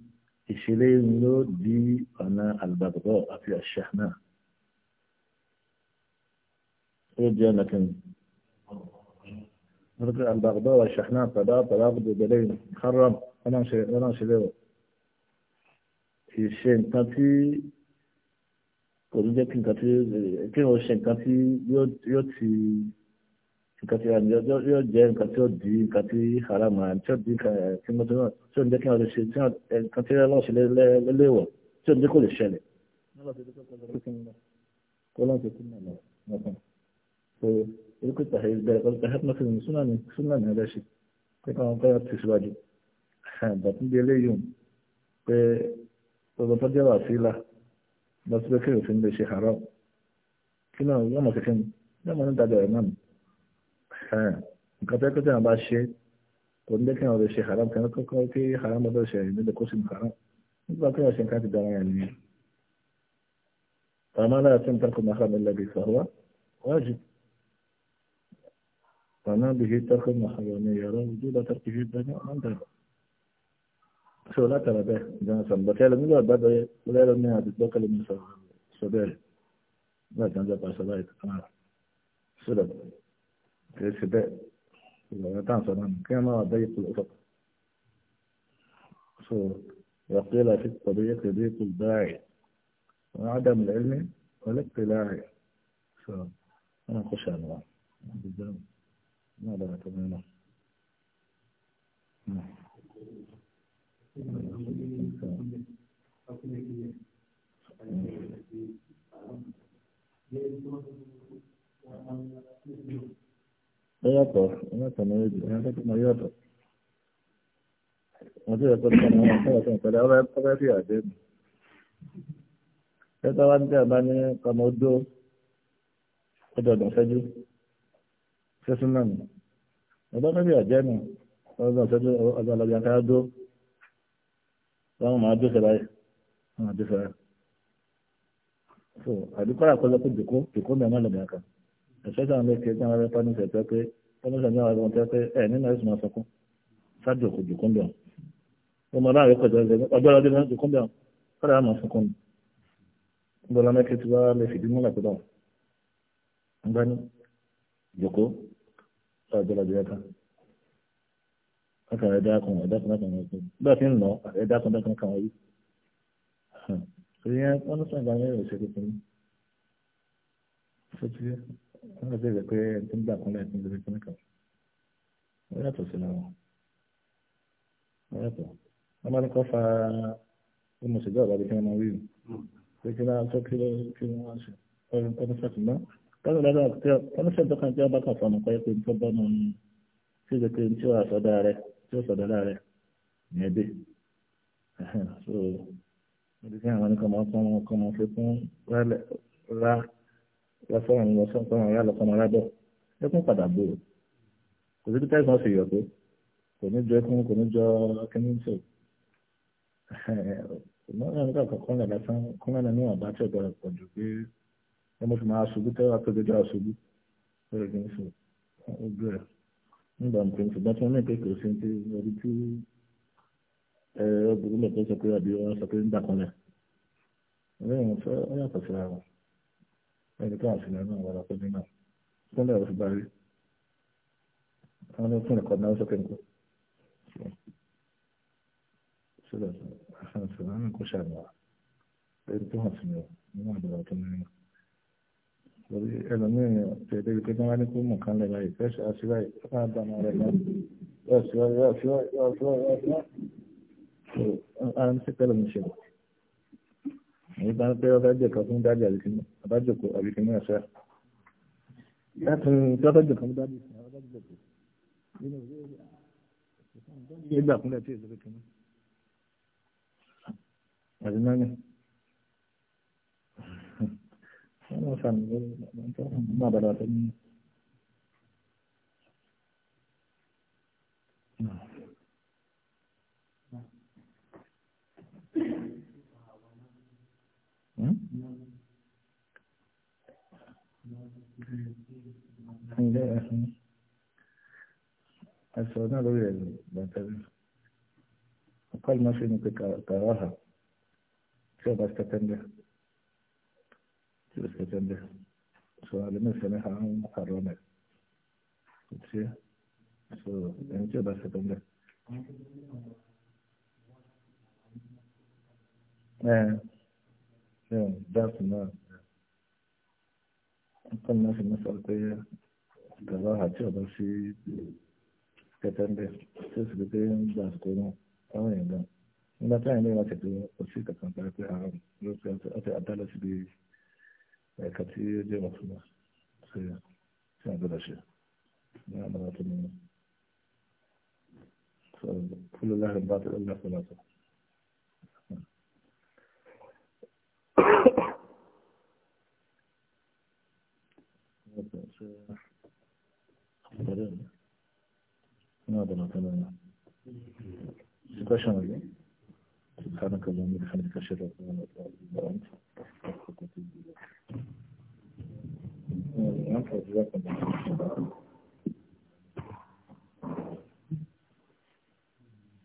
أنا ملو دي أنا البغضاء أنا الشحنة رجع لكن رجع البغضاء أنا طبعا طبعا بدو بلين خرم أنا شلي أنا شلي أنا شين تاتي أنا ذلك كاتي كل شين تاتي يوت يوتي nǹkan tí àjọ yóò jẹ́ nǹkan tí ó di nǹkan tí haram ara tí ó di nǹkan eh, tí mo tẹ́wọ́ tí ó ń jẹ́ kí wọ́n lè ṣe tí eh, nǹkan tí wọ́n ṣe lélẹ́wọ̀ tí ó ń jẹ́ kó lè ṣẹlẹ̀. so irúkú ìtàhé bẹ̀rẹ̀ pẹ̀lú ìtàhé náà fìlìmù súnàní súnàní ẹ̀rẹ́ ṣe pé káwọn kọ́ ti síwájú bàtún bí eléyìí pé ọgbọ́n tó jẹ́ wàsílà lọ sí pé kéwòn fi lè ṣe haram kí náà yọmọ kékeré yọmọ ní dájọ ẹ̀ náà nǹkan tó kẹ́kẹ́ àwọn bá ṣe kò ní dẹ́kẹ́ àwọn ọ̀dọ̀ ṣe haram kan kọ́kọ́ kí haram ọ̀dọ̀ ṣe ẹ̀yìn nígbà kó sì ń haram nígbà kí wọ́n ṣe nǹkan ti dára yẹn nìyẹn. فما لا يتم ترك المحرم إلا به فهو واجب فما به ترك المحرم يرى يعني وجود تركه الدنيا عندنا شو لا ترى به جنسا بكالا من الله بدأ ولا يرى منها تتبقى لمن سبيل لا تنزل على سبيل سلام الفداء تعصى عنه كما ضيق الأفق وقيل في الطريق ضيق الباعي وعدم العلم والاطلاع أنا أخش على الله ما بلعت منه Thank نعم. you. ó yàtọ̀ yàtọ̀ mọ́ yóò yàtọ̀ tó mọ́ yàtọ̀ wọ́n ti yàtọ̀ tó mọ́ yàtọ̀ yàtọ̀ pẹ̀lú ọ̀rẹ́ ọ̀rẹ́ fi àdé mi. yàtọ̀ wá ní tí a bá ní ọmọ odó ọdọọdún ṣẹ́jú ṣẹ́sùn náà nù ọdọ́ mẹ́bí àjẹ́ nù ọdọọdún ṣẹ́jú ọdún ọlọ́bí akáyá dó wọ́n máa dó ṣẹlá yìí wọ́n máa dó ṣẹlá yìí. so àdúgbò àkọlọ́kọ̀ jòkó jòkó mẹ́rin lọ́bí akáyá especially àwọn mẹ́kẹ́ tí wọ́n rẹ́ pọ́nísẹ̀ tẹ́ pé pọ́nísẹ̀ ní àwọn ẹgbẹ́ tẹ́ pé ẹ̀ nínú ẹ̀sùn máa sọkún ṣáàjì òkú jùkún bẹ̀rù ọmọ láàrin pẹ̀lú ẹgbẹ́ ọjọ́ ọdún náà jùkún bẹ̀rù kọ́dà á máa sọkún ni bọ́lá mẹ́kẹ́ tí wọ́n lè fìdí múlẹ̀ pẹ̀lú àwọn ńgbá ní jòkó ọjọ́ ọjọ́ ẹ̀ka ọkàn ẹ̀dá kan ẹ̀dá kan kan kan bẹ́ẹ̀ fi ń lọ ẹ̀dá kan kan kan wọ̀nyí ìyẹn wọ́n ní sọ̀rọ̀ ìgbà yẹn rẹ̀ ṣe tuntun ní tí wọ́n bẹ̀rẹ̀ pé ẹni tó ń gbà kúnlẹ̀ ní ìlú ìpínlẹ̀ kan wọ́n yàtọ̀ sí làwọn wọ́n yàtọ̀ wọ́n máa ní kọ́ fa bí mo ṣe jẹ́ bí kí wọ́n máa wí pé kí wọ́n tó kí wọ́n ṣe ọdún sẹ́tù náà kọ́sọ̀ lọ́dọ̀ ọdún sẹ́tù kan tí wọ́n bá kà fọ́nà kọ́ pé tó bọ́ nù ní tí ó ṣe pé tí ó sọ̀dọ̀ rẹ̀ tí ó sọ̀dọ̀ rẹ̀ so níbi tí àwọn ẹni kan máa fọ́n yọ sọ́run yọ sọ́run pé wọn yá lọ sọmọ lábẹ́ ẹkún padà gbòòrò kò sí títà ìsàn ṣèyọ tó kò ní jọ ẹkún kò ní jọ kíní tó ìmọ̀ràn nígbà kọ̀ọ̀kan lẹ̀ lásán kún lẹ́nu ní ọ̀bá tí ọ̀gbọ́n pọ̀ jù pé ẹ mo fi máa ṣubú tẹ́wọ́ àtọ́jọ́jọ́ àṣubú lórí kíní tó ojú ẹ̀ nígbà mọ̀tò ṣùgbọ́n tí wọ́n ní pé kò sí ti orí tí ẹ obìnrin lè tó sọ pé àbí wọn sọ pé ń dàkúnlẹ̀ lẹ́yìn fẹ́ ọ yàtọ̀ síra wọn ẹni tó àti ìlànà àwọn ọ̀rọ̀ pẹ̀lú náà sílẹ̀ ọ̀sùn bá rí àwọn ní fún ẹ̀kọ́ náà sókè nǹkan sílẹ̀ àfihàn sílẹ̀ àwọn kò ṣàmìwà ẹni tó hàn sí mi níwọ̀n àdúrà tó ní nínú lórí ẹlòmíràn tẹ̀lé pé náà wá ní kó mọ̀ kán lẹ̀ báyìí fẹ́ ṣe àṣírà yìí ó máa náà yóò ṣíwájú yóò ṣíwájú yóò ṣíwájú yóò ṣíwájú èyí bá ń pẹ́ ọ̀fẹ́ kan fún dájú àbíkínú àbájòkó àbíkínú ẹ̀fẹ́ láti tí ọ̀fẹ́ kan fún dájú ìsìn àbájòkó nínú ìgbà kúnlẹ̀ tí èso kékeré àti náà ni wọ́n lọ sàmì lórí ọ̀dọ́ ọ̀dọ́ àbàdà tó ilé ẹ̀sìn ẹ̀sọ̀ náà lórí ẹ̀rù bàtẹ́rì ọ̀pọ̀ ìmọ̀ sí ni pé kàráhà tí ọba sí tẹ́tẹ́ndẹ́ tí ó sí tẹ́tẹ́ndẹ́ sọ àlẹ́mẹ̀sẹ̀ ní àwọn àrọ́mẹ̀ tí sọ ẹni tí ọba sí tẹ́tẹ́ndẹ́. درس ما قلنا في المسألة تراها تقدر في كتنبه تسبتين درس كونه أوين ده ما تاني ليه لكن وسيلة كانت تعطي عام لو كانت أتي أدلة ب كتير دي مفهومة في في هذا الشيء نعم أنا أتمنى فكل الله الباطل إلا ثلاثة Anladın mı? Ne adına tanımla? Sıkaşan öyle. Sıkanı kazandı. Hani kaşar atmanı lazım. Ben fazla yapmadım.